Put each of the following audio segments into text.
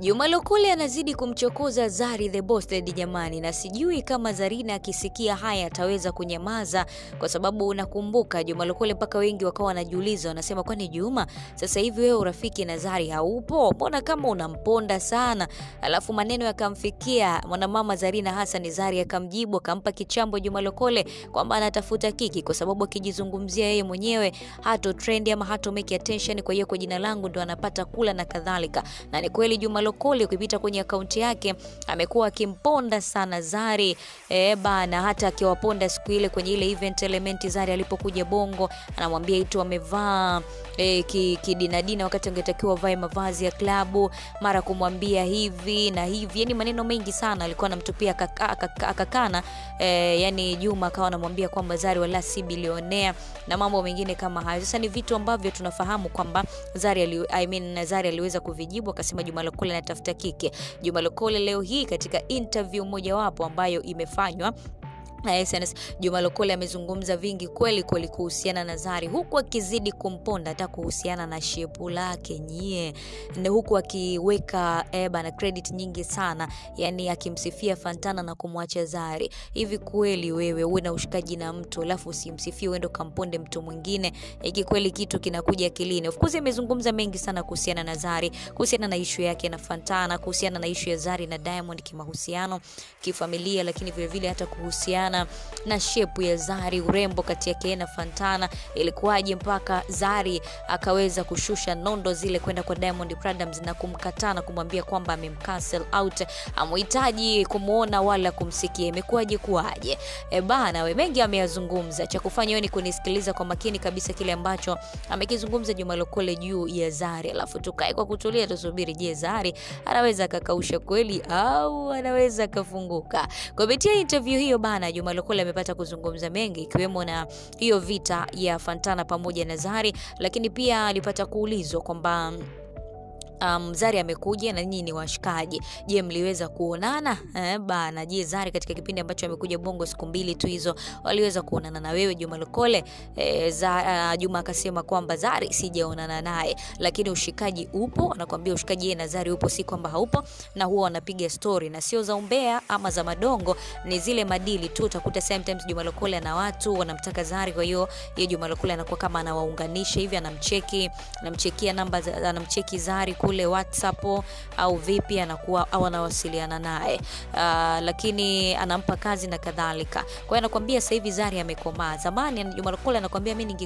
Juma Lokole anazidi kumchokoza Zari the Boasted jamani, na sijui kama Zarina akisikia haya ataweza kunyamaza, kwa sababu unakumbuka Juma Lokole mpaka wengi wakawa wanajiuliza, wanasema kwani Juma sasa hivi wewe urafiki na Zari haupo? Mbona kama unamponda sana? Alafu maneno yakamfikia mwanamama Zarina Hassan, Zari akamjibu akampa kichambo Juma Lokole kwamba anatafuta kiki, kwa sababu akijizungumzia yeye mwenyewe hato trend ama hato make attention, kwa hiyo kwa jina langu ndo anapata kula na kadhalika, na ni kweli Juma Lokole ukipita kwenye akaunti yake amekuwa akimponda sana Zari e, bana, hata akiwaponda siku ile kwenye ile event Element Zari alipokuja Bongo, anamwambia itu amevaa e, kidinadina ki wakati angetakiwa vae mavazi ya klabu, mara kumwambia hivi na hivi, yani maneno mengi sana alikuwa anamtupia akakana. E, yani Juma akawa anamwambia kwamba Zari wala si bilionea na mambo mengine kama hayo. Sasa ni vitu ambavyo tunafahamu kwamba Zari, ali, I mean, Zari aliweza kuvijibu akasema Juma Lokole anatafuta kike. Juma Lokole leo hii katika interview mojawapo ambayo imefanywa SNS Juma Lokole amezungumza vingi kweli kweli kuhusiana na Zari, huku akizidi kumponda hata kuhusiana na shepu lake nyie, na huku akiweka eba na credit nyingi sana, yani akimsifia Fantana na kumwacha Zari. Hivi kweli wewe uwe na ushikaji na mtu alafu usimsifie uende kamponde mtu mwingine? Hiki kweli kitu kinakuja akilini. Of course amezungumza mengi sana kuhusiana na Zari, kuhusiana na ishu yake na Fantana, kuhusiana na ishu ya Zari na Diamond kimahusiano, kifamilia, lakini vilevile hata kuhusiana kuhusiana na shepu ya Zari, urembo kati yake na Fantana ilikuwaje mpaka Zari akaweza kushusha nondo zile kwenda kwa Diamond Platnumz na kumkataa na kumwambia kwamba amemcancel out, amhitaji kumwona wala kumsikia. Imekuwaje kuwaje? E bana, we mengi ameyazungumza. Cha kufanya wewe ni kunisikiliza kwa makini kabisa kile ambacho amekizungumza Juma Lokole juu ya Zari, alafu tukae kwa kutulia tusubiri, je, Zari anaweza akakausha kweli au anaweza akafunguka kupitia interview hiyo bana. Juma Lokole amepata kuzungumza mengi ikiwemo na hiyo vita ya Fantana pamoja na Zari, lakini pia alipata kuulizwa kwamba um, Zari amekuja na nyinyi ni washikaji. Je, mliweza kuonana? Eh, bana. Je, Zari katika kipindi ambacho amekuja Bongo siku mbili tu hizo waliweza kuonana na wewe Juma Lokole? Eh, uh, Juma akasema kwamba Zari sijaonana naye, lakini ushikaji upo, anakuambia ushikaji yeye na Zari upo, si kwamba haupo, na huwa wanapiga story na sio za umbea ama za madongo, ni zile madili tu. Utakuta sometimes Juma Lokole na watu wanamtaka Zari, kwa hiyo yeye Juma Lokole anakuwa kama anawaunganisha hivi, anamcheki anamchekia namba, anamcheki Zari kwa kule WhatsApp au vipi anakuwa au anawasiliana naye uh, lakini anampa kazi na kadhalika. Kwa hiyo anakuambia sasa hivi Zari amekomaa. Zamani Juma Lokole anakuambia mimi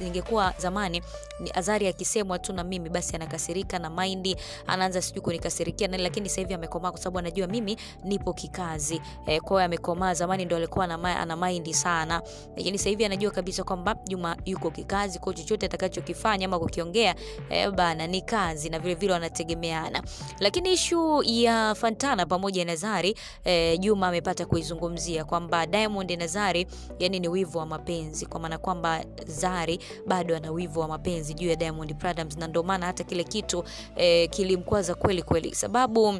ningekuwa zamani ni Azari akisemwa tu na mimi basi anakasirika na maindi anaanza sijui kunikasirikia na, lakini sasa hivi amekomaa kwa sababu anajua mimi nipo kikazi. E, kwa hiyo amekomaa. Zamani ndio alikuwa ana, ana maindi sana, lakini sasa hivi anajua kabisa kwamba Juma yuko kikazi, kwa chochote atakachokifanya ama kukiongea e, bana ni kazi na vile vile wanategemeana. Lakini ishu ya Fantana pamoja na Zari eh, Juma amepata kuizungumzia kwamba Diamond na Zari yani ni wivu wa mapenzi, kwa maana kwamba Zari bado ana wivu wa mapenzi juu ya Diamond Platnumz, na ndio maana hata kile kitu e, kilimkwaza kweli kweli, sababu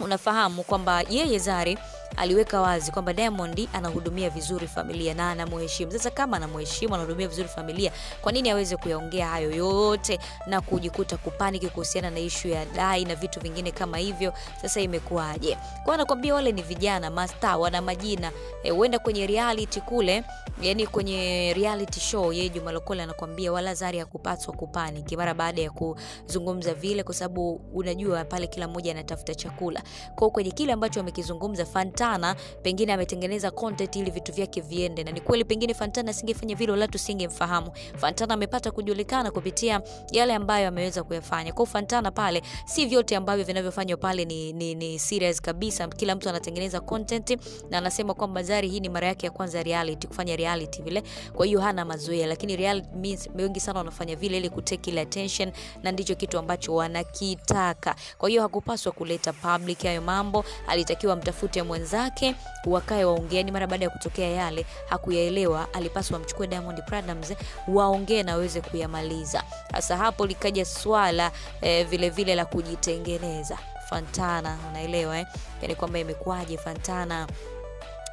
unafahamu kwamba yeye Zari aliweka wazi kwamba Diamond anahudumia vizuri familia na anamheshimu. Sasa kama anamheshimu, anahudumia vizuri familia, kwa nini aweze kuyaongea hayo yote na kujikuta kupaniki kuhusiana na ishu ya dai na vitu vingine kama hivyo? Sasa imekuwaje? Kwa anakuambia wale ni vijana masta, wana majina, e, huenda e, kwenye reality kule, yani kwenye reality show, yeye Juma Lokole anakuambia wala Zari hakupaswa kupaniki mara baada ya kuzungumza vile, kwa sababu unajua pale kila mmoja anatafuta chakula kwao kwenye kile ambacho amekizungumza Fanta Fantana pengine ametengeneza content ili vitu vyake viende, na ni kweli pengine Fantana asingefanya vile wala tusingemfahamu. Fantana amepata kujulikana kupitia yale ambayo ameweza kuyafanya. Kwa Fantana pale, si vyote ambavyo vinavyofanywa pale ni, ni, ni serious kabisa. Kila mtu anatengeneza content na anasema kwamba Zari hii ni mara yake ya kwanza reality, kufanya reality vile, kwa hiyo hana mazoea, lakini reality means wengi sana wanafanya vile ili kuteki ile attention, na ndicho kitu ambacho wanakitaka. Kwa hiyo hakupaswa kuleta public hayo mambo, alitakiwa mtafute mwenzi zake wakae ni Mara baada ya kutokea yale hakuyaelewa, alipaswa amchukue Diamond pradams waongee na waweze kuyamaliza. Sasa hapo likaja swala eh, vile vile la kujitengeneza Fantana, unaelewa eh? Yani kwamba imekuwaje Fantana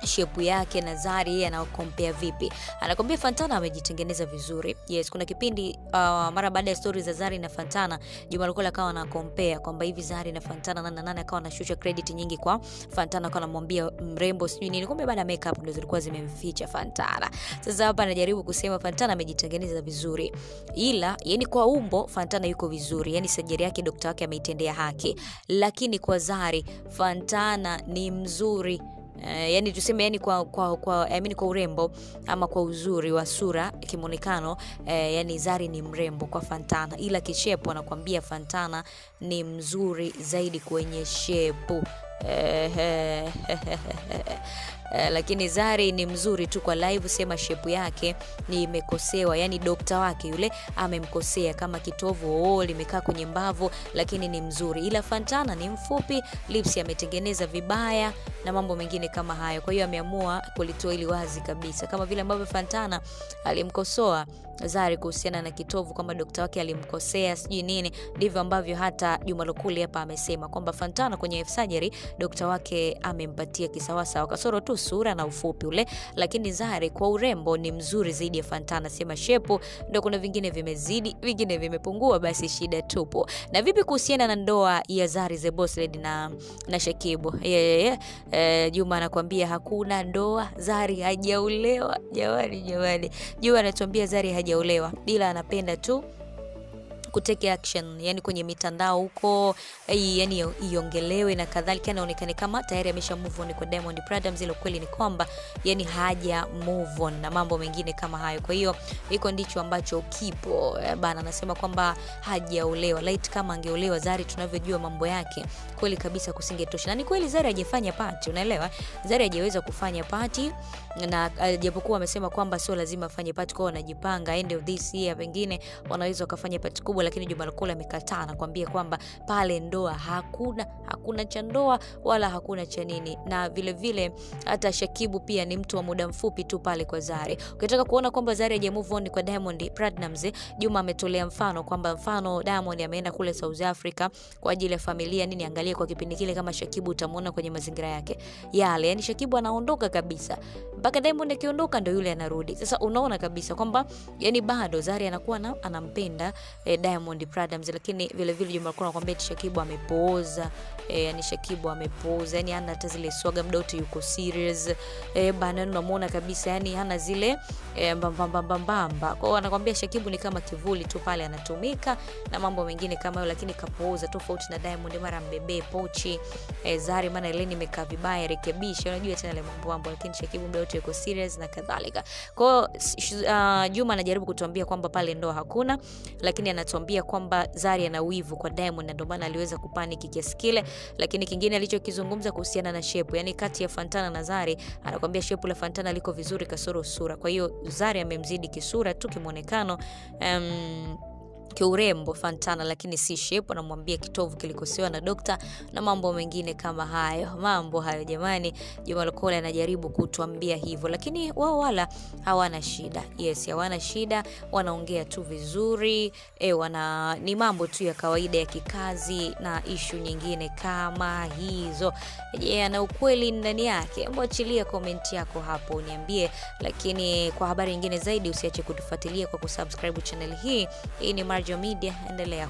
shepu yake na Zari yeye anakompea vipi? Anakompea Fantana amejitengeneza vizuri. Yes, kuna kipindi uh, mara baada ya stori za Zari na Fantana, Juma Lukola akawa anakompea kwamba hivi Zari na Fantana nani nani, akawa anashusha credit nyingi kwa Fantana, akawa anamwambia mrembo sijui nini, kumbe baada ya makeup ndio zilikuwa zimemficha Fantana. Sasa hapa anajaribu kusema Fantana amejitengeneza vizuri, ila yani kwa umbo Fantana yuko vizuri, yani sajeri yake dokta wake ameitendea haki, lakini kwa Zari Fantana ni mzuri Uh, yani tuseme yani kwa kwa kwa I mean kwa urembo ama kwa uzuri wa sura kimonekano, uh, yani Zari ni mrembo kwa Fantana, ila kichepo anakuambia Fantana ni mzuri zaidi kwenye shepu. Eh, Uh, lakini Zari ni mzuri tu kwa live, sema shepu yake ni imekosewa, yani dokta wake yule amemkosea kama kitovu oo, limekaa kwenye mbavu, lakini ni mzuri, ila Fantana ni mfupi, lips ametengeneza vibaya na mambo mengine kama hayo. Kwa hiyo ameamua kulitoa ili wazi kabisa, kama vile ambavyo Fantana alimkosoa Zari kuhusiana na kitovu kwamba dokta wake alimkosea sijui nini, ndivyo ambavyo hata Juma Lokuli hapa amesema kwamba Fantana kwenye surgery dokta wake amempatia kisawasawa, kasoro tu sura na ufupi ule, lakini Zari kwa urembo ni mzuri zaidi ya Fanta. Anasema shepu ndo kuna vingine vimezidi, vingine vimepungua, basi shida tupo. Na vipi kuhusiana na ndoa ya Zari the Boss Lady na, na Shakibu? Yeah, yeah, yeah. E, Juma anakuambia hakuna ndoa, Zari hajaolewa. Jamani, jamani, Juma anatuambia Zari hajaolewa, ila anapenda tu kuteke action yani kwenye mitandao huko eh, yani iongelewe na kadhalika anaonekana kama tayari amesha move on kwa Diamond Platnumz ile kweli ni kwamba yani haja move on na mambo mengine kama hayo kwa hiyo iko ndicho ambacho kipo eh, bana anasema kwamba hajaolewa light kama angeolewa Zari tunavyojua mambo yake kweli kabisa kusingetosha na ni kweli Zari hajafanya party unaelewa Zari hajaweza kufanya party na eh, japokuwa amesema kwamba sio lazima afanye party kwa wanajipanga end of this year pengine wanaweza kufanya party kubwa lakini Juma Lokole amekataa na kwamba pale ndoa hakuna, hakuna cha ndoa wala hakuna cha nini, na vilevile hata Shakibu pia ni mtu wa muda mfupi tu pale kwa Zari. Ukitaka kuona kwamba Zari move on kwa Diamond Platnumz, Juma ametolea mfano kwamba mfano Diamond ameenda kule South Africa kwa ajili ya familia nini, angalie kwa kipindi kile kama Shakibu utamuona kwenye mazingira yake yale, yani Shakibu anaondoka kabisa mpaka Diamond akiondoka ndo yule anarudi. Sasa unaona kabisa kwamba yani bado Zari anakuwa na, anampenda eh, Diamond Platnumz, lakini vile vile Juma alikuwa anakuambia Shakibu amepooza eh, yani Shakibu amepooza, yani hana hata zile swaga, muda wote yuko serious eh, bana, unamuona kabisa yani hana zile eh, mbambambambamba. kwao hiyo anakwambia Shakibu ni kama kivuli tu pale anatumika na mambo mengine kama hiyo lakini kapooza, tofauti na Diamond, mara mbebee pochi eh, Zari maana ile nimekaa vibaya, rekebisha, unajua tena ile mambo mambo, lakini Shakibu muda yote yuko serious na kadhalika. Kwa hiyo uh, Juma anajaribu kutuambia kwamba pale ndoa hakuna, lakini anatuambia kwamba Zari ana wivu kwa Diamond na ndio maana aliweza kupaniki kiasi kile. Lakini kingine alichokizungumza kuhusiana na shepu, yani kati ya Fantana na Zari, anakuambia shepu la Fantana liko vizuri kasoro sura. Kwa hiyo Zari amemzidi kisura tu, kimonekano. um, kiurembo Fantana, lakini si shepo namwambia kitovu kilikosiwa na dokta na mambo mengine kama hayo. Mambo hayo jamani, Juma Lokole anajaribu kutuambia hivyo, lakini wao wala hawana shida. Yes, hawana shida, wanaongea tu vizuri e, wana ni mambo tu ya kawaida ya kikazi na ishu nyingine kama hizo. Je, ana ukweli ndani yake? Hebu achilia komenti yako hapo uniambie, lakini kwa habari nyingine zaidi usiache kutufuatilia kwa kusubscribe channel hii. Hii ni mara Marjo Media, endelea